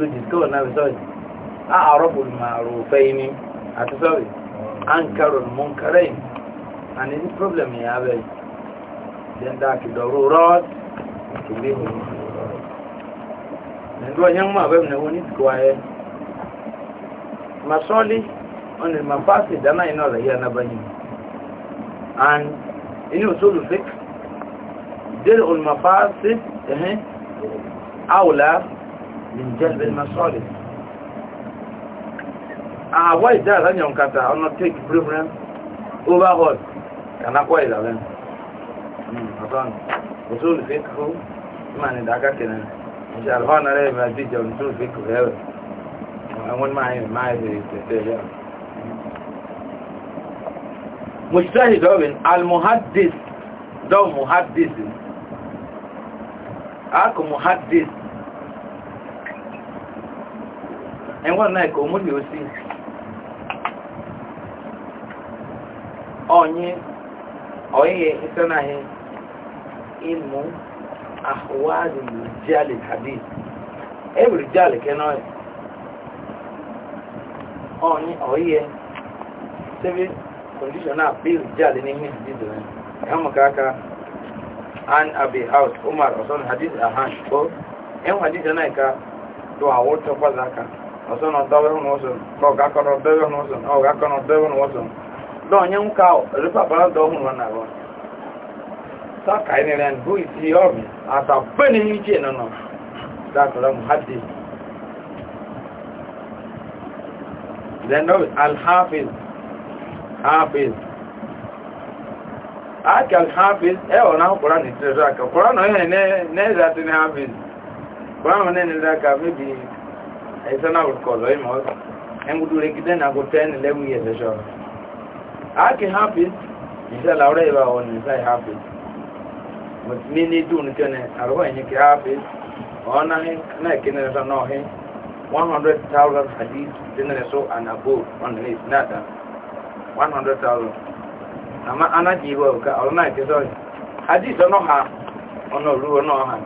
ló discover náà sọ́ọ̀dì àárọ̀bù ah, màrùfẹ́ ni àti sọ́ọ̀dì ankarun munkarin and any problem you have eh? then that is the road to live in and when young man when it's masoli on the mafasi dana in order here na bani and in usul fiqh dir al mafasi eh, eh awla من جلب المصالح ah why is that anya nkata ọ nọ take program overhaul kana kwa ila ben mm hatan usul fikhu man da ka kenan insha Allah na rai ba ji da usul fikhu yawa awon ma yin ma yin te te ya mujtahid ibn al muhaddis da muhaddis ak muhaddis ẹ̀wọ̀n náà kò múlì ó sí ọ̀nyí ọ̀yẹ́ ìsẹ́nàhí ilmù àhùwádìí rìjálì tàbí ẹ̀rù rìjálì kẹ́nà ẹ̀ ọ̀nyí ọ̀yẹ́ sẹ́bí kọndíṣọ̀nà bí rìjálì ní mí ìdíjọ ya an abi house umar ọ̀sán hadith ahan e kó ẹ̀wọ̀n hadith náà ká tó àwọ̀ tó pàzákà ọ̀sán ọ̀dọ́wẹ́ hùn ọ̀sán ọ̀gákan ọ̀dọ́wẹ́ hùn ọ̀sán ọ̀gákan ọ̀dọ́wẹ́ hùn ọ̀sán lọ́ọ̀nyẹ́ ń ká ẹ̀rí pàpà lọ́dọ̀ hùn wọn náà wọn sáàkà ẹni rẹ̀ bú ìsì ọ̀mì àtàbẹ́ ní ìjì ìnànà dákọ̀lọ́ muhadi lẹ́nọ́wì alhafiz hafiz ákì alhafiz ẹwọ̀ náà kọ̀rọ̀ ní ìtẹ́jọ́ àkà kọ̀rọ̀ náà yẹn ní ẹ̀zà tí ní hafiz kọ̀rọ̀ náà ní ẹ̀zà àkà mébìí ẹ̀sán náà kọ̀ lọ ìmọ̀ ẹ̀mùdú rẹ̀ kí dẹ́nà kò tẹ́ ní lẹ́wù yẹ̀ lẹ́ṣọ́ áàkì ìṣẹ́ làwọ́rẹ́ ìbá wọn ní ìṣáì happy mi ní dùn ní kẹ́ni àrùkọ́ ìyìn kí ọ̀nà náà kí ní ẹ̀sán náà hìn one hundred thousand 100,000 tí ní ẹ̀sọ́ and ọ̀nà ní ìsinádà 100,000. hundred thousand àmọ́ anájì ìwọ̀ ọ̀ká ọ̀rọ̀ náà kí sọ́ọ̀rì hadith ọ̀nà ha ọ̀nà òru ọ̀nà ọ̀hàn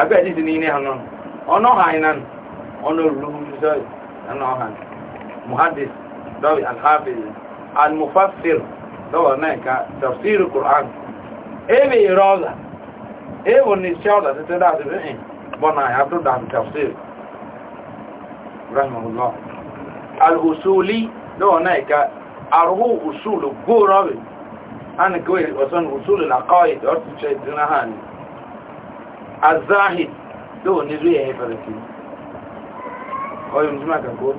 àgbẹ̀ hadith ní ilé hàn náà ọ̀nà ọnụ ọ̀nà rúrúsọ́ì muhaddis dọ́wì alhafiz almufassir dọ́wà náà tafsir quran ebe yẹrọ ọ̀dà ebe ní ṣe ọ̀dà títí dáàtì bí i bọ́nà àyàtò dáàtì tafsir rahimahullah alhusuli dọ́wà náà ka arhu usulu góorọ́bì ana kawai wasan usulu na kawai da wata ce azahid lóò nílò yẹn fẹ̀rẹ̀ kiri ọyọ mùsùlùmá kankan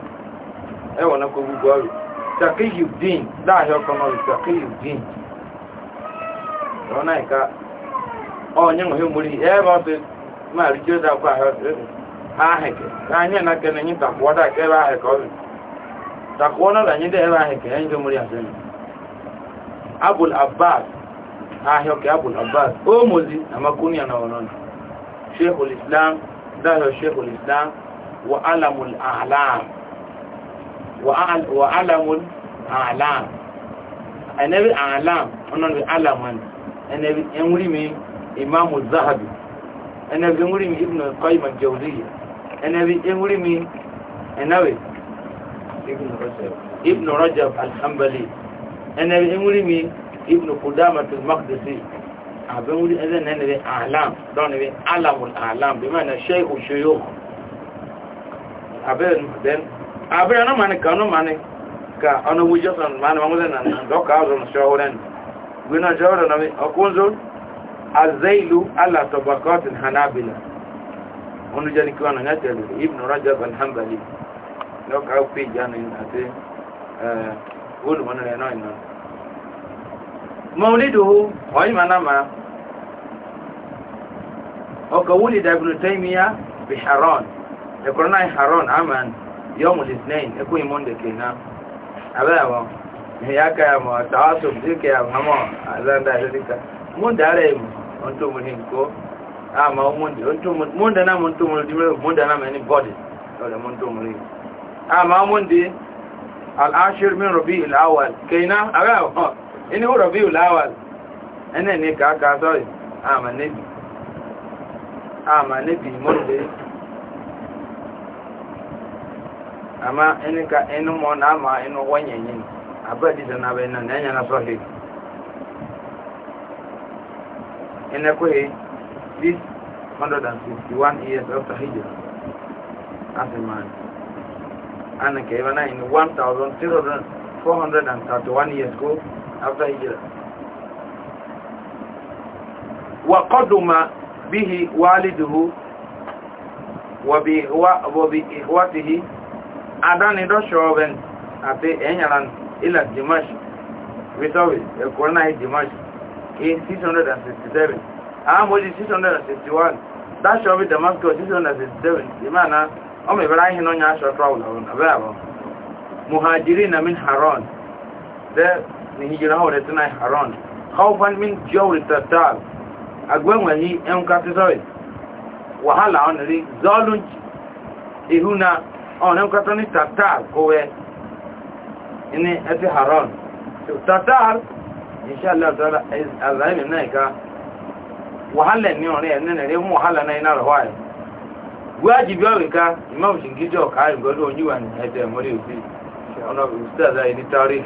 ẹ wọ̀ náà kó gbogbo ọrọ̀ sakiyu din láàrin ọkọ̀ náà sakiyu din ọ̀nà ìka ọ̀nyẹ́ wọn yóò múri ẹ bá fẹ́ máa rí jẹ́ dàkọ́ ahẹ́kẹ́ ahịa náà kẹ́ ẹ̀yìn n'aka dà kẹ́ abul abbas abul abbas شيخ الإسلام ده شيخ الإسلام وعلم الأعلام وعلم الأعلام النبي أعلام ونبي علما النبي من إمام الذهبي النبي من ابن القيم الجوزية النبي يمرمي النبي ابن رجب ابن رجب الحنبلي النبي من ابن قدامة المقدسي abin wuri ɗan nan ne alam don ne alamul alam bi mana shai ushiyo abin den abin na mani ka no mani ka ono wujo son mani ma mulan nan do ka zo no shoren gwina na mi akunzo azailu ala tabaqat hanabila onu jani ko na ngatel ibn rajab al hanbali do ka ku jani ate eh wulu na مولده وإما نما وكولد ابن تيمية بحران يقولنا حران عمان يوم الاثنين يكون يموندك هنا أبدا هياك يا ما تعاصب ذيك يا ماما أذان دا ذيك من دارهم أنتم منهم كو أما من أنتم من دنا من أنتم من من دنا من body ولا من أنتم من أما من دي العاشر من ربيع الأول كينا أبدا ini ụrọ bi ụlọ awa ene ka aka ama nebi ama nebi monde ama ene ka enu na ama enu wanye nye na abịa na enya na sọrọ ene years after hijra as a man and na 1431 years ago after hijira wa qaduma bihi waliduhu wa bi ihwa wa bi ihwatihi adani do shoben ate enyaran ila dimash witawi e kona dimash in 667 amoli 661 that shobi damascus 667 imana ọmọ ìbára ihe n'onye aṣọ travel ọ̀rọ̀ nàbẹ́ àbọ̀ muhajiri na min haron ni hijira hore tana around khawfan min jawri tatal agwen wani en ka ti wahala on ri zalun ihuna on en ka tani tatal ko ini ati haron so tatal inshallah taala azalim naika wahala ni on re nene re mu wahala na ina rawai wajibi awe ka imam shingijo ka ayi godo onyiwa ni ete mori ofi ona ustaza ni tarihi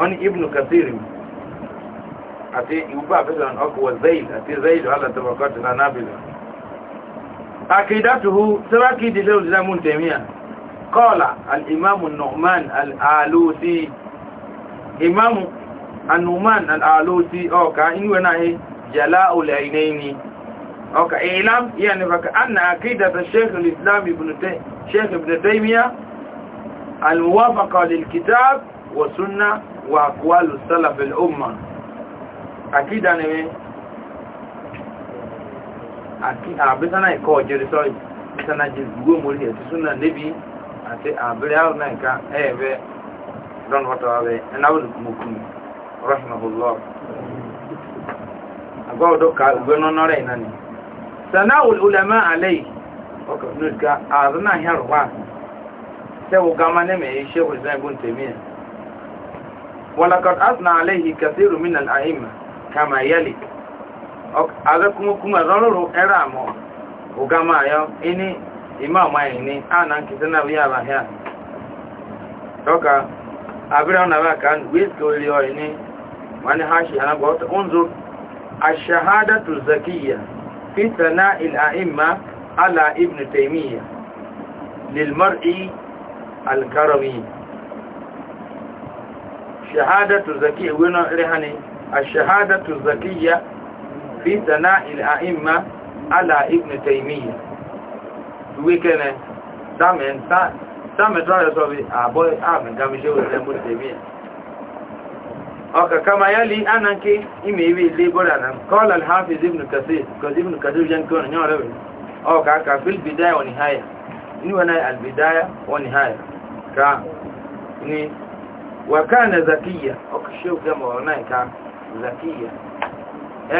wani ibnu kasiri àti ìwúbà fẹ́sàn ọkọ̀ wọ zail àti zail alàtàbàkọ́tù lánàbìlá akidatuhu sẹ́wákì ìdílé olùdámù tèmíà kọ́ọ̀lá al'imamu nu'man al'alóti imamu annu'man al'alóti ọka inúwẹ̀ náà yí jala ulẹ̀inẹ́ni ọka ilam iya nifaka anna akidata sheikh al-islam ibn taymiya al-muwafaqa lil kitab wa sunnah wa aqwalu salaf al-umma akida ni mi aki abisana iko jere sorry bisana je gugo mo ni sunna nabi ate abire aw na ka ebe don wato abe na wul mukum rahimahullah agwa do ka gbono nore sana sana'ul ulama alayhi okay nuka azna yarwa sai ga ne me shehu zai bun temiya walakad asna alaihi kasiru min al'aima kama yali aga kuma kuma rọrọrọ ẹra mọ ọga ma yọ ini imam ayi ni a na nkita na biya ba ya dọka abira na ba kan wiski oli oyi ni wani ala ibn taymiyya lil mar'i shahadatu zakiya wino rihani ashahadatu zakiya fi sana'il a'imma ala ibn taymiya wikene damen uh, ta uh, damen tore so bi aboy uh, am gami je wele mu taymiya oka kama yali ananki imewi libora nan qala al-hafiz ibn kathir kazi ibn kathir jan kono nyore oka ka fil bidaya wa nihaya ni wana al-bidaya wa ka ni wakana zakiya okisheukia maonaika zakiya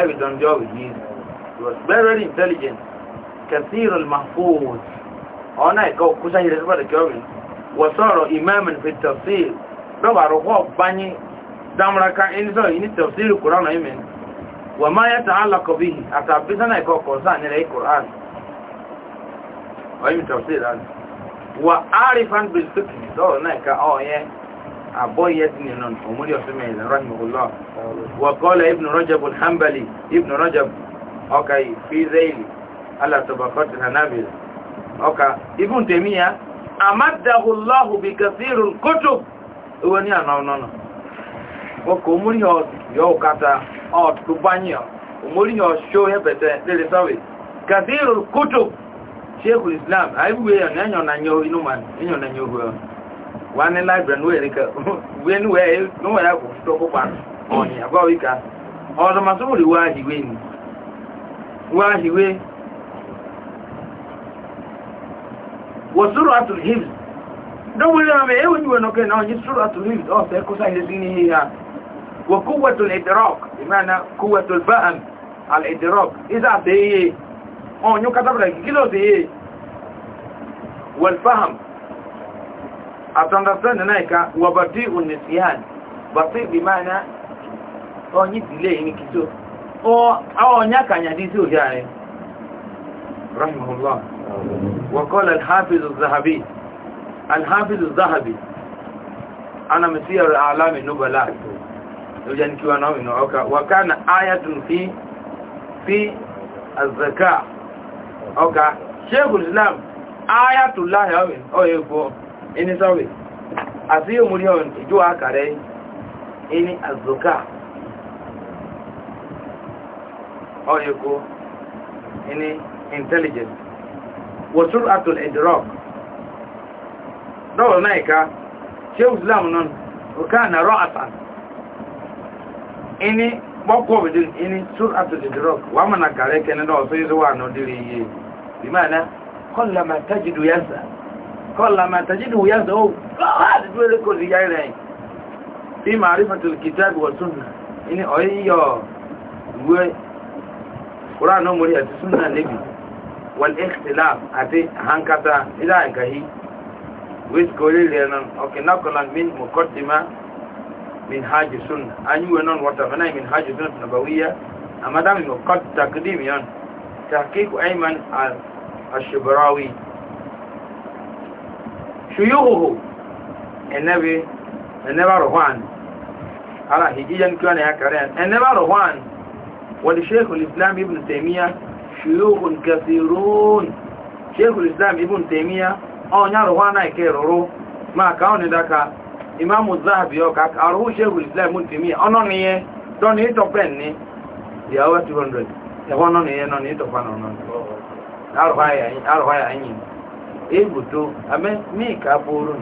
evident job he was very intelligent كثير المحفوظ ona ikaw kusa hire sabar kyomi wasoro imaman fi tafsir do baro ko banyi damra ka in so ini tafsir qur'an imen wa ma yata'allaqu bihi atabisana ikaw concern ile qur'an wa imen tafsir al wa arifan bil fiqh do na ka oh yeah أبوي يسنن أمولي وسمعين رحمه الله وقال ابن رجب الحنبلي ابن رجب أوكي في ذيل على طبقات الهنابل أوكا ابن تيمية أمده الله بكثير الكتب وني أنا أنا ọkọ̀ omori yọ yọ kata ọ̀tùbányọ̀ omori yọ ṣó ẹbẹ̀tẹ̀ lẹ́lẹ̀ sọ́wẹ̀ kàdírù kútù ṣékù islam àìwúwẹ̀ ẹ̀yọ̀ nanyọ̀ inú ma ẹ̀yọ̀ nanyọ̀ ogun wani library n'oye nika wenu wee n'oye ya kò fito kópa ọ̀nyìn àbáwọ̀ ìka ọ̀dọ̀ masọ́mùrì wá ìwé ni wá ìwé wọ́n sọ́rọ̀ àtùlù hibs dọ́gbùnrin àmì ẹ̀wọ̀n ìwé nọ́kẹ́ náà yí sọ́rọ̀ àtùlù hibs ọ̀fẹ́ kó sáyé sí ní ìhà wọ́n kúwẹ̀tùl ìdírọ́k ìmáàna kúwẹ̀tùl báàm àl wọ́n fáhàm àtọ́ndọ̀sọ́nì náà ìka wọ̀bọ̀dí onisihan bàtí ìbìmáná ọ̀nyí dìlé ní kìtó ọ̀nyá kànyàdí sí òjá rẹ̀ rahimahullah وقال الحافظ الذهبي الحافظ الذهبي أنا مسير أعلام النبلاء يجنكي ونومن وكان آية في في الزكاة أوكا شيخ الإسلام آية الله أو يقول ini sawe asiyo mulion jua kare ini azuka oyeko ini intelligence wa sur'atul idrak dawo naika shehu islam non kana ra'atan ini bọ́kọ̀ bìdín ini sur'atul idrak wa mana kare kene dawo so yizo wa no diri yi bi mana kullama tajidu yasa kọ́lá máa tàjídù wùyá sọ ó láti dúró lé kò sí yá rẹ̀ bí màá rí fàtìlì kìí tábì wọ̀ tún ní ọ̀yẹ́ yíyọ ìwé kúrò náà mórí àti súnà níbi wọ́n ẹ̀kìtìlá àti àhánkátá nílá ìkàyí wíṣkò orílẹ̀ ẹ̀nà ọ̀kìnnákọ̀lá min mọ̀kọ́tìmá min hajj súnà ayúwẹ̀ náà wọ́tà mẹ́nà min hajj súnà tìǹbàwíyá àmàdá min mọ̀kọ́tì takdìm yọ́n tàkíkù ẹ̀yìn al àṣùbọ̀ráwì shuyuhu enebe eneba rohwan ala hijiya nikiwa na ya karen eneba rohwan wani shekul islam ibn taimiyya shuyuhun kasirun shekul islam ibn taimiyya ọnya oh, rohwana ike ruru ma ka ọ nidaka imamu zahabi ọka aruhu shekul islam ibn taimiyya ọnọ niye don ito pen ni di awa ya ẹwọ nọ niye nọ ni ito pa nọ nọ aruhaya anyi ebuto ame mika bụrụ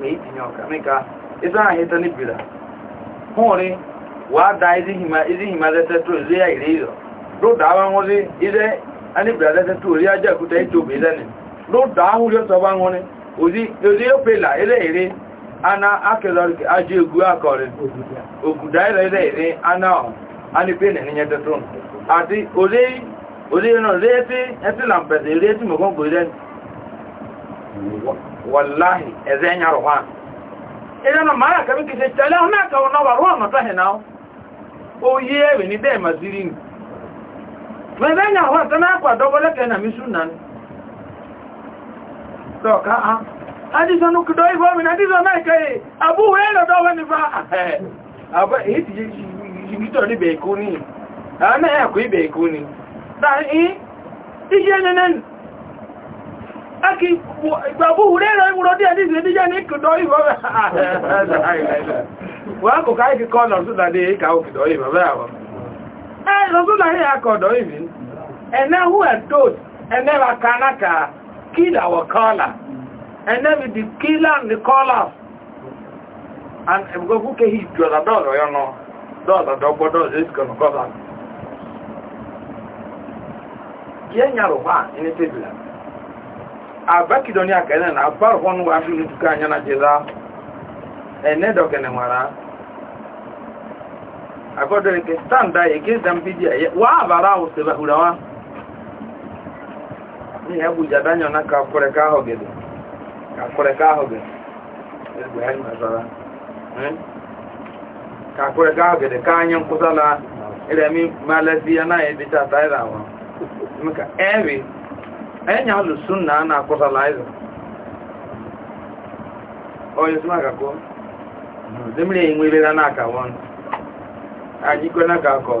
ma itinye ọka mika ịsa ahụ ịta n'ibira hụrị wàá da ezihima lẹsẹ tó ilé àìrí ìrọ ló dá wá wọn anibira lẹsẹ tó orí ajá ìkúta ìtòbí lẹni ló dá wọn rí ọsọ bá wọn rí òdí ana akẹlọrìkì ajé ogun akọrin ògùdá ilẹ̀ ilẹ̀ ana wallahi ẹ̀zẹ́ ya rọ̀wá ìrìnà mara kàbí kì ṣe tẹ́lẹ̀ ọ̀nà àkàwọn náà wàrọ̀ àmàtà hẹ̀ náà ó yí ẹ̀rẹ̀ ní dẹ́ẹ̀mà sírí nì mẹ́rẹ́ ẹ̀yà rọ̀wá tẹ́lẹ̀ àpà dọ́gbọ́lẹ́kẹ̀ nà mí sùn náà dọ̀ka á adísọ́nù kìdọ̀ ìfọ́mìn adísọ́nù àìkẹyẹ àbúwẹ́ ẹ̀lọ́dọ́wẹ́ nípa èyí ti Aki ìgbàbú rẹ̀ rẹ̀ ìwúrọ̀ díẹ̀ ní ìsìn níjẹ́ ní kìdọ̀ ìwọ̀ rẹ̀. Wọ́n kò káyé kíkọ́ lọ sódà dé ìkàwò kìdọ̀ ìwọ̀ rẹ̀ àwọn. Ẹ lọ sódà rí akọ̀dọ̀ ìbí. Ẹnẹ́ hù ẹ̀dọ́d, the kọ́là. ka akene na wa fi anya na jeza ene dokene mara akodo ke standa ege dambidi wa bara useba hurawa ni hebu jadanyo na ka kore ka hogede ka kore ka hogede eh? ka kore ka ka anya nkusala na edita wa mka ẹ̀yìn alùsùn náà na akọ́sàlá ẹ̀zọ̀ ọ̀yọ̀ sí màkàkọ́ zemire yìí nwere na n'aka wọn anyị kwe n'aka akọ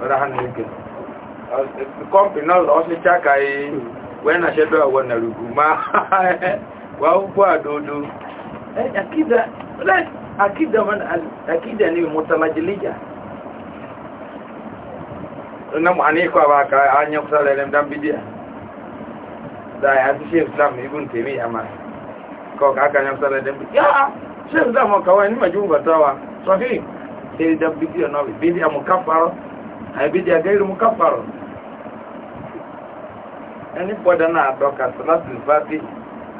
ọ̀rọ̀ ha n'oge kọmpi n'ọlọ ọsịcha ka ị wee na shedo awọ na rugu ma wa ụkwụ adodo e, akida akida mana akida ni mutala jilija na mu ani ko ba ka anya kusa lele mdan bidia da ya fi shi islam ibn taimi ya ma e kawai ka kan yamsa da dambi ya shi islam kawai ni majin batawa sahi sai da bidiyo na bidiyo mu kafaro ai bidiyo gairu mu kafaro ẹni pọ̀dá náà dọ́ka sọ́lọ́sì bá bí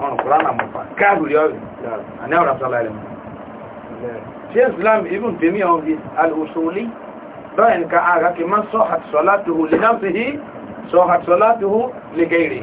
ọ̀nà kúrò náà mọ̀fà káàkiri ọ̀rẹ́ àní ọ̀rọ̀ sọ́lá ilẹ̀ mọ̀ ṣe islam ibùn tèmi ọ̀hún bí alùsùlì lọ́yìn ká àgá kí má sọ́hàtì sọ́lá tó hù lè náà sí hí sọ́hàtì sọ́lá tó hù lè gẹ̀ẹ́rẹ́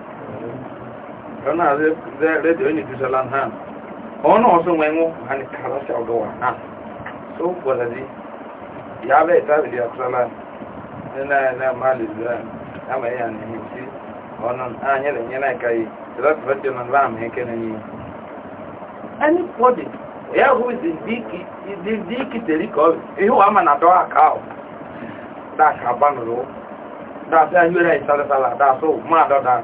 kana zai zai da wani tusa lan ọnụ ono oh, osun wengo ani kala sa ha so walazi ya be ta bi ya sala na mali zira ama ya na hisi onon anya le nyana kai zira fati non ram he kenani ani podi ya hu zindiki zindiki teliko ihu ama na do akao da ka banuro da sa yura isala sala da so ma da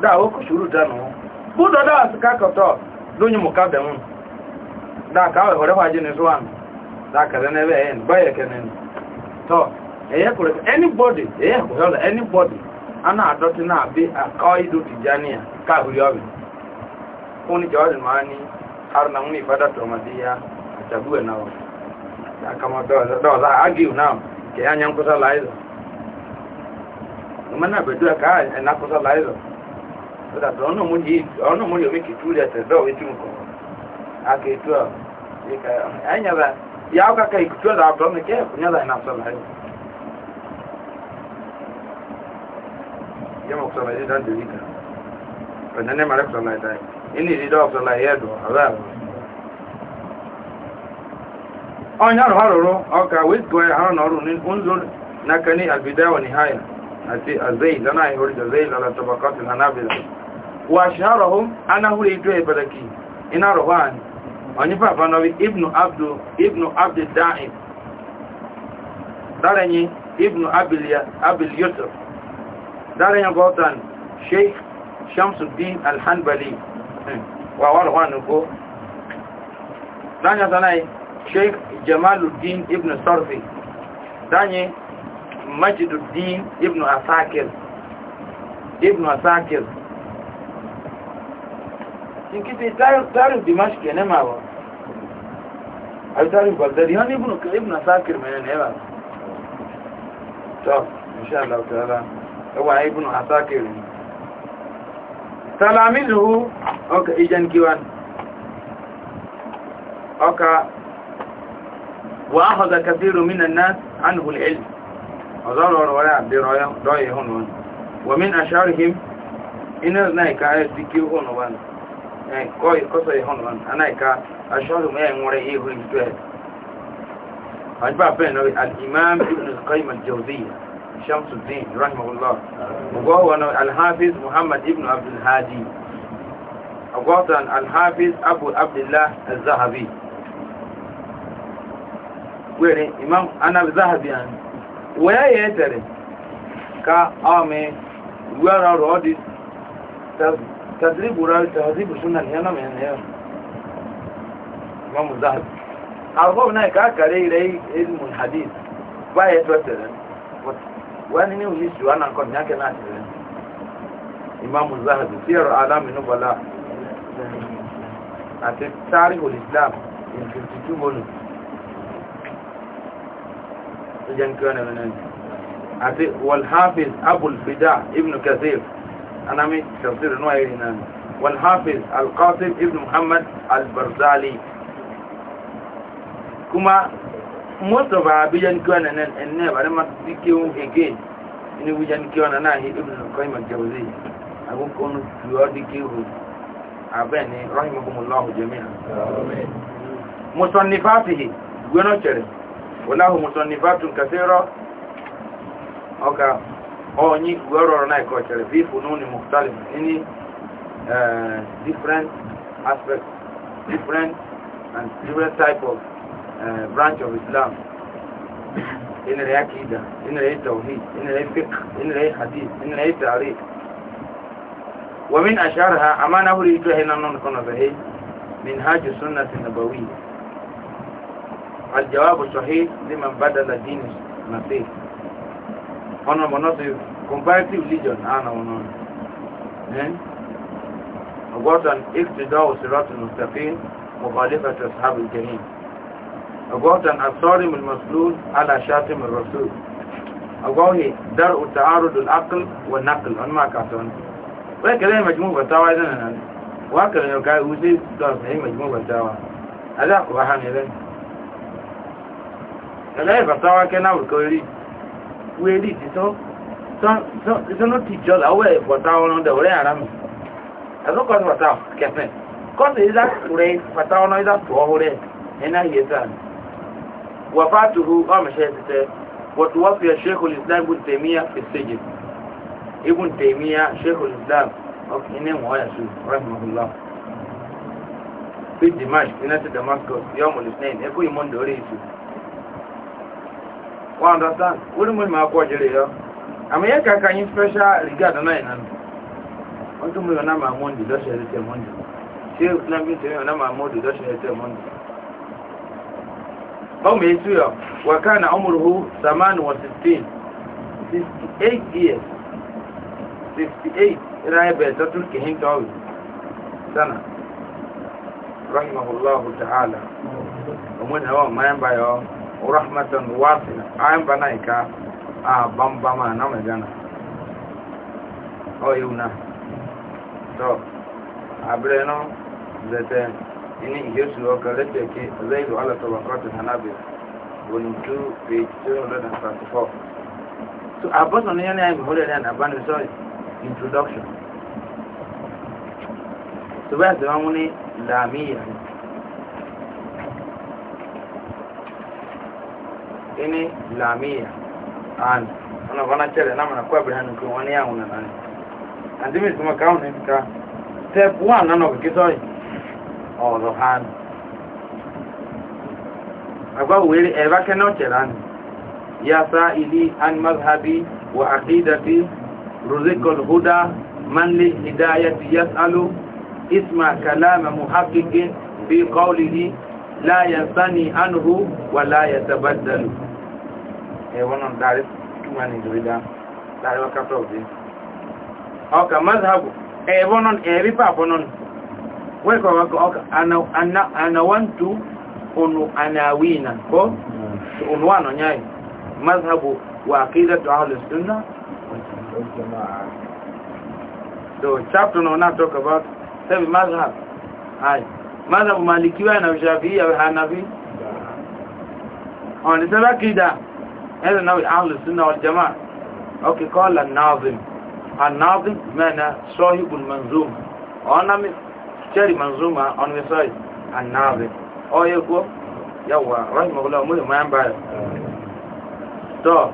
da oku shuru danu budo da su ka koto dunyi mu ka be mun da ka we hore faji ne suwan da ka ne be en ba ye kenen to eye kure anybody eye ko yola anybody ana adoti na bi akaidu tijania ka huri obi oni jawadi mani harna muni fada to madia achague nao da kama do do za agiu nao ke anyankusa laizo mana bedua ka enakusa laizo so that ọ̀nà mú di ọ̀nà mú di omi kì í tú lẹ́sẹ̀ bẹ́ẹ̀ omi tú nǹkan àkè tú ọ̀ ẹ̀yìn bá yà á kàkà ìkùtù ọ̀dà àbúrò mi kẹ́ ẹ̀kùn yàrá iná sọ̀rọ̀ ayé yẹ́n mọ̀ sọ̀rọ̀ ayé dáńdé yìí kan ọ̀nà ní màrẹ́ sọ̀rọ̀ ayé dáńdé inú ìdí أتي الزيد أنا يقول الزيد على طبقات الهنابلة وأشهرهم أنا هو يدوي بلكي إن روان ونفع فنوي ابن عبد ابن عبد الدائم دارني ابن أبي اليسر دارني قوتان شيخ شمس الدين الحنبلي وأروان نقول دانيا سناي شيخ جمال الدين ابن صرفي دانيا مجد الدين ابن أساكر ابن أساكر تنكتي تعرف تعرف دمشق ما هو أو تعرف بغداد هون ابن ابن أساكر من هنا طب إن شاء الله تعالى هو ابن أساكر تلاميذه أوكي إيجان كيوان أوكي وأخذ كثير من الناس عنه العلم ọ̀zọ́rọ̀ wọ́rẹ́ àbírọ̀yẹ̀ hùn wọn wọ́mín àṣàrìhìm iná náìka ẹ̀sìkí hùn wọn ẹ̀kọ́ ìkọ́sọ̀ ìhùn wọn anáìka àṣàrìhìm ẹ̀ nwọ́rẹ́ ihun ìtú ẹ̀ àjúbà bẹ́ẹ̀ náà al'imam ibn al-qayyim al-jawziyya shamsuddin rahimahullah ọgọ́wọ́ náà alhafiz muhammad ibn abdulhadi ọgọ́tàn alhafiz abu abdullah al-zahabi wẹ́rẹ̀ imam anab zahabi àná wee ya etere ka ame gwara ọrụ ọdị tadribu rawi tadribu sunan ya na mene ya imamu zahab alfawun na ka akara ire ilmu hadith ba ya etere wani ni wuli su ana nkọ nyake na atire imamu zahab siyar islam in 52 tó jẹ́ nǹkan ẹ̀rọ náà àti walhafiz abul fida ibn kathir anami tafsir nua yìí náà walhafiz alqasim ibn muhammad albarzali kuma most of our bijan kiwana nan and never them must be kiwn again ni bijan kiwana na hi ibn qayyim al-jawzi agun kono tuwadi kiwu abeni rahimakumullah jami'an amen musannifatihi gwono chere وله مصنفات كثيرة أوكا أو ني غورو نايكو في فنون مختلفة إني يعني، uh, آه، different aspects different and different type of uh, branch of Islam إن رأي كيدا إن رأي توحيد إن رأي فقه إن رأي حديث إن رأي تاريخ ومن أشارها أما نقول يتوهي نون كنا بهي منهاج السنة النبوية الجواب الصحيح لمن بدل دين المسيح أنا مناطق comparative religion أنا مناطق أقوطاً اقتداء صراط المستقيم مخالفة أصحاب الجحيم أقوطاً الصارم المسلول على شاتم الرسول أقوه درء تعارض العقل والنقل أنا ما كاتون وكذا مجموع بتاوى إذن أنا وهكذا يوكاي وزي دارس هي مجموع بتاوى هذا أقوى حاني ذلك ẹlẹ́ẹ̀bàtàwákẹ́ náà kọ eré wé rí ìtìtọ́ ìsọ́nà ti jọ láwọ́ ẹ̀bọ̀ta ọ̀nà dẹ̀wọ̀rẹ́ ara mi ẹ̀sọ́kọ́ ìbàtà kẹfẹ́ kọ́sì ìdá rẹ̀ bàtà ọ̀nà ìdá tó ọ̀húrẹ́ ẹ̀nà yẹ sáà wà fà tuhu ọmọṣẹ́ tẹ́tẹ́ wọ́tú wọ́n fi ẹ̀ ṣéhùl islam ibùn tèmíyà fi ṣèjì ibùn tèmíyà ṣéhùl islam ọkùnrin wọn yà sí rahmanulah fi dimash iná ti damascus yọmọlùsẹ́yìn ẹkú ìmọ̀ndọ̀rẹ́ ìṣù wọ́n understand wọ́n mú ìmọ̀ akọ́ jẹ́rẹ̀ yọ àmì yẹ́ kàkà yín special regard náà ìnáà wọ́n tún mú ìyọ̀nà máa mọ́ ní lọ́sẹ̀ ẹ̀rẹ́tẹ̀ mọ́ndì ṣé náà bí tẹ̀yìn ọ̀nà máa mọ́ ní lọ́sẹ̀ ẹ̀rẹ́tẹ̀ mọ́ndì ọmọ ètò yọ wàká na ọmọrùhù samani wọ 16 68 years 68 ìrà ẹ̀bẹ̀ tọ́tún kìhín tọ́wì sánà rahimahullahu ta'ala ọmọ ìnáwó mayamba yọ rahmatan wasila ayan bana ika a ah, bambama ah, na magana o oh, yuna to abreno zete ini yesu oka lete ke zaidu ala tabaqatul hanabi volume 2 page 234 so abosan ni yana mi hore na banu so introduction so ba da wani lamiya ini lamia an ana bana chere na mana kwa bana ko wani ya una nani andimi sima kaun ni ka step 1 nano kitoi oh no han agwa wele eba keno cheran ya sa ili an mazhabi wa aqidati ruzqul huda man li hidayati yasalu isma kalama muhaqqiqin bi qawlihi la yansani anhu wa la yatabaddalu ẹ̀wọ́n eh, náà dáre túmọ̀ ní ìdòrí dá dáre wọ́n kápẹ́ òbí ọkà mazhabu ẹ̀wọ́n náà ẹ̀rí pàpọ̀ náà wẹ́kọ̀ wọ́kọ̀ ọkà anáwọ́ntú onu anawina ko onu wano nyai mazhabu wa aqidatu ahli sunna so chapter na talk about seven mazhab hai mazhab malikiwa na shafi'i ya hanafi on sabakida هذا نوع أهل السنة والجماعة أوكي قال الناظم الناظم معنى صاحب المنظومة أنا شاري منظومة أنا مساي الناظم أو يقول يوا رحمه الله مولي ما ينبعي تو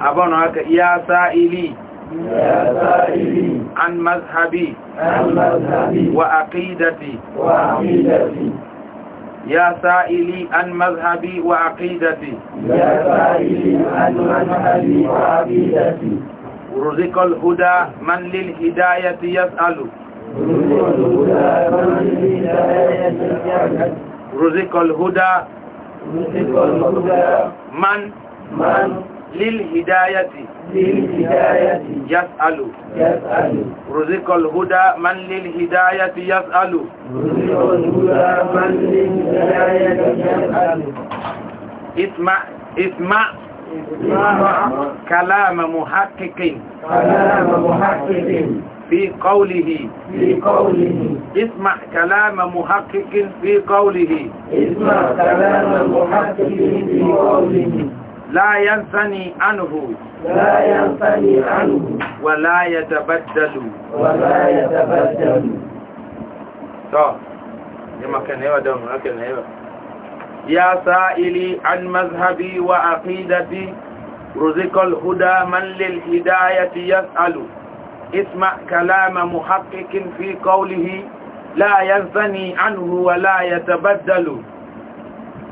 أبونا هكا يا سائلي يا سائلي عن مذهبي عن مذهبي وعقيدتي وعقيدتي يا سائلي عن مذهبي وعقيدتي يا سائلي عن مذهبي وعقيدتي رزق الهدى من للهداية يسأل رزق الهدى من من للهداية للهداية يسأل يسأل رزق الهدى من للهداية يسأل رزق الهدى من للهداية يسأل اسمع اسمع كلام محقق كلام محقق في قوله في قوله اسمع كلام محقق في قوله اسمع كلام محقق في قوله لا ينثني عنه لا ينثني عنه ولا يتبدل ولا يتبدل طب لما كان ده يا سائلي عن مذهبي وعقيدتي رزق الهدى من للهداية يسأل اسمع كلام محقق في قوله لا ينثني عنه ولا يتبدل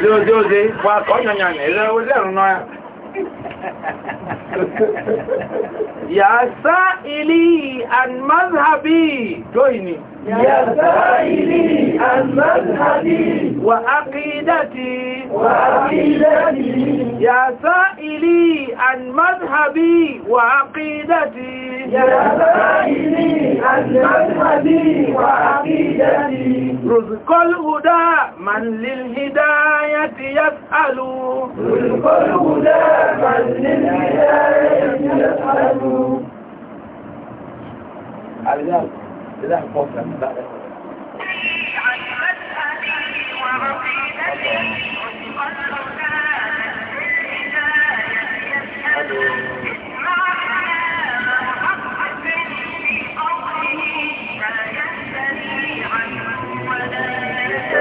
òjòjò òjè wà kọ́nyọ̀nyàn ẹ̀rẹ́ ó lẹ́rùn náà yà sá ilé àmàzàbí tóìní yà sá ilé àmàzàbí wà ákìdàtì wà ilé مذهبي وعقيدتي يا باعثي عن مذهبي وعقيدتي رزق الهدى من للهداية يسأل رزق الهدى من للهداية يسأل Thank you. عن مذهبي وعقيدتي رزق الهدى من للهداية يسأل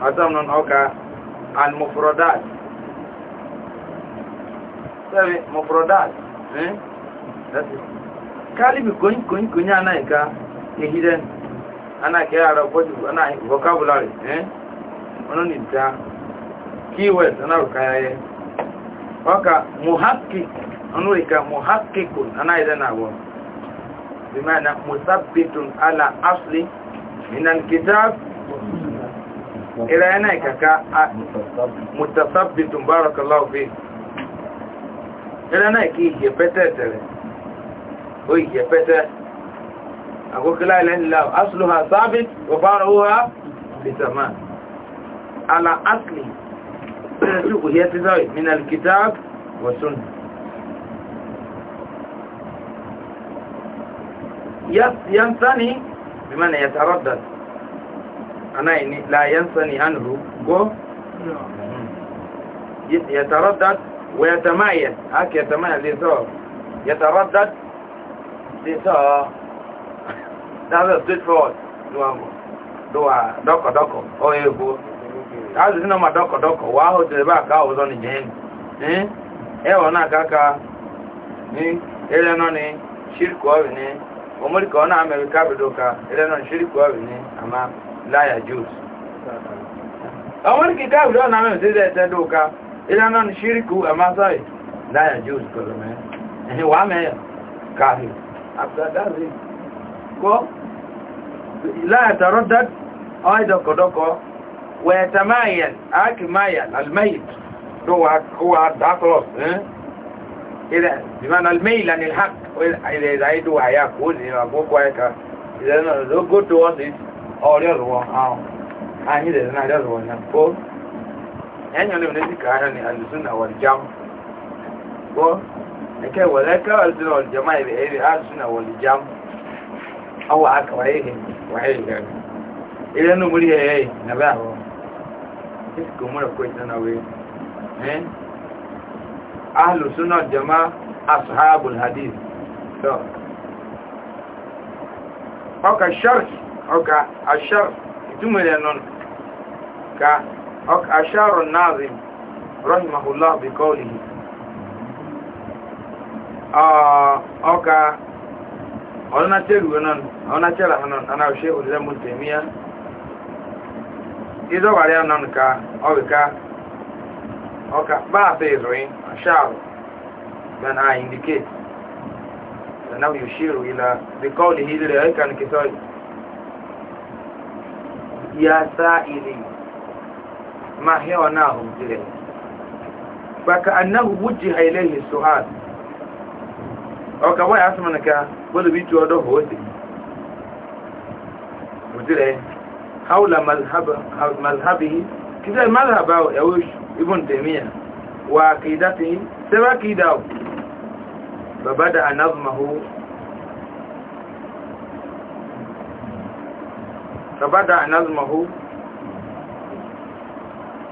asamnon oka al mufrodat sẹ́mi mufrodat kálíbì kòyìnkòyìnkòyìn anáìka ehiden anáìkẹ́ ara ọ̀pọ̀jù anáì vocabulary ọ̀nà nìta keywords anáìka ayẹ ọkà muhakkik ọ̀nà muhakkikun anáìdẹ́ nàwọ̀ bimana musabbitun ala asli minan kitab الى هناك ك متثبت بارك الله فيك الى هناك يجي إيه بتاتا ويجي إيه بتاتا اقول لا اله الا الله اصلها ثابت وبارها بثمان على اصلي شوف هي تزاوي من الكتاب والسنه ينثني بمعنى يتردد anayi ni la yansani anhu go yataraddad wa yatamayyaz hak yatamayyaz li sawa yataraddad li sawa that is this word doa doa doko doko o oh, ebu that is no ma doko doko wa ho de ba ka o zo ni jen eh ewa eh, na ka ka ni ele no ni shirku awi ni omori ka ona amerika bidoka ele no ni shirku awi ni ama láyà jùs àwọn kìtà ìlú ọ̀nà mẹ́rin tí ẹ̀tẹ́ lóka ìlànà ṣíríkù àmásáì láyà jùs pẹ̀lú mẹ́rin ẹ̀yìn wà mẹ́yà káàrí àbúdádárí kọ́ láyà tàrọ́ dád ọ́ìdọ̀kọ̀dọ́kọ́ wẹ̀ẹ̀tàmáyàn ákìmáyàn almayit tó wà dákọ̀ọ́ إذا بمعنى الميل عن الحق إذا إذا يدو عياك وزي ما أقول كويكا إذا ọrịa ọzụwọ ahụ anyị dere na arịa ọzụwọ ya ko ẹnyọ lè ní ka ahịa ni alùsùn na wọljam ko nke wọlé ká alùsùn na wọljam ayé bẹ ẹbí alùsùn na wọljam awọ aka wáyé hẹ wáyé hẹ ilé nu múri hẹ hẹ na bẹ àwọ ẹsì kó ìtàn náà wé jama asuhabul hadith. ọkà ṣọ́ọ̀ṣì ọka ashar ìtumọ̀ rẹ̀ nọ ka ọka ashar nazim rahimahullah bi kọ́ọ̀lìhì ọka ọ̀nà tẹ́lùwẹ̀ nọ ọ̀nà tẹ́lá nọ ọ̀nà òṣè òlẹ́mú tẹ̀míyà ìzọ́wàrẹ́ nọ ka ọ̀wẹ̀ka ọka báàfẹ́ ìzọ̀yìn ashar then I indicate. And now you share with uh, the call ya sa'ili ma hewa na hujire ba ka annahu wujji hailaihi su'ad o ka waya asuma na ka wani bitu ọdọ hosi hujire haula malhabi kisa malhaba yawo ibn taimiyya wa akidatihi sai ba kidawo babada anazmahu فبدأ نظمه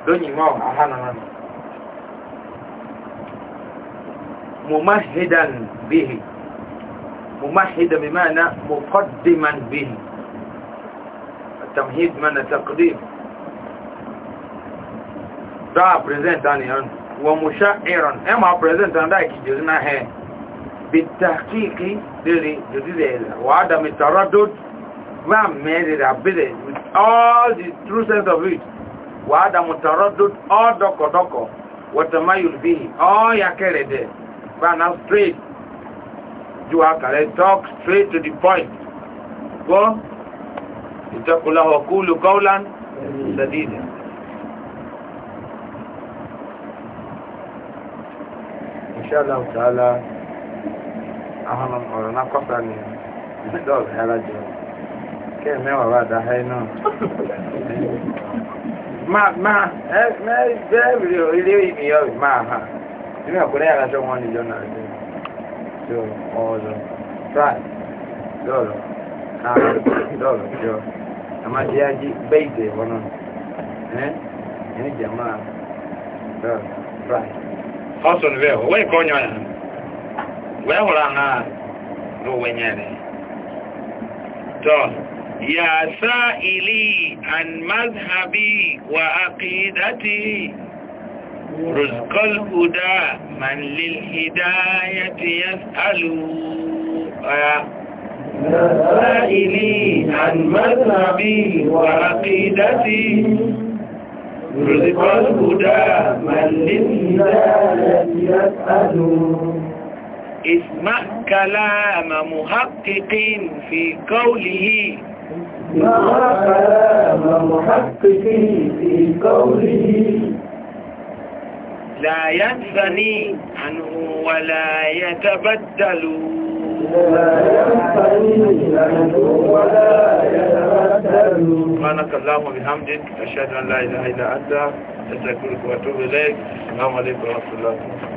دوني ما اهانا من ممهدا به ممهدا بمعنى مقدما به التمهيد معنى تقديم ده بريزنت أنا ومشاعرا اما بريزنت أنا ده جزنا هي بالتحقيق للي جديد وعدم التردد Islam made it abide with all the true sense of it. Wàhádà mùtàrọ́dún ọ́dọ̀kọ̀dọ̀kọ̀ wọ́tàmáyùl bí i ọ́yà kẹrẹ̀ dẹ̀. Báná straight ju àkàrẹ̀ talk straight to the point. Gbọ́ ìtọ́kùlá ọ̀kúlù kọ́ọ̀lán ṣẹ̀dídẹ̀. Inshallah ta'ala, àwọn ọ̀rọ̀ náà kọ́ta ni ìdọ́ọ̀lù yára jẹun kẹ́ mẹ́wàá wà dá ẹ́ náà máa máa ẹ bẹ́ẹ̀rì ilé ìmìyàn rẹ̀ máa hà nínú ẹ̀kúnrẹ́ yàrá tó wọ́n níjọ́ náà rẹ̀ tó ọ̀ọ́dọ̀ fry lọ́ọ̀lọ́ káàrọ̀ lọ́ọ̀lọ́ jọ àmàdíyájí bẹ́ẹ̀dì ẹ̀wọ̀n náà ẹni jẹ̀ máa lọ́ọ̀lọ́ fry. ọ̀sùn bẹ́ẹ̀ wọ́n ìkọ́ ọ̀yàn yẹn wẹ́ẹ̀ hùrà náà ló wẹ́nyẹ́ rẹ̀ tọ́ọ̀ يا سائلي عن مذهبي وعقيدتي رزق الهدى من للهداية يسأل آه. سائلي عن مذهبي وعقيدتي رزق الهدى من للهداية يسأل اسمع كلام محقق في قوله مع كلام محقق في قوله لا ينفني عنه ولا يتبدل لا ينفني عنه ولا يتبدل سبحانك اللهم وبحمدك أشهد أن لا إله إلا أنت أستغفرك وأتوب إليك السلام عليكم ورحمة الله وبركاته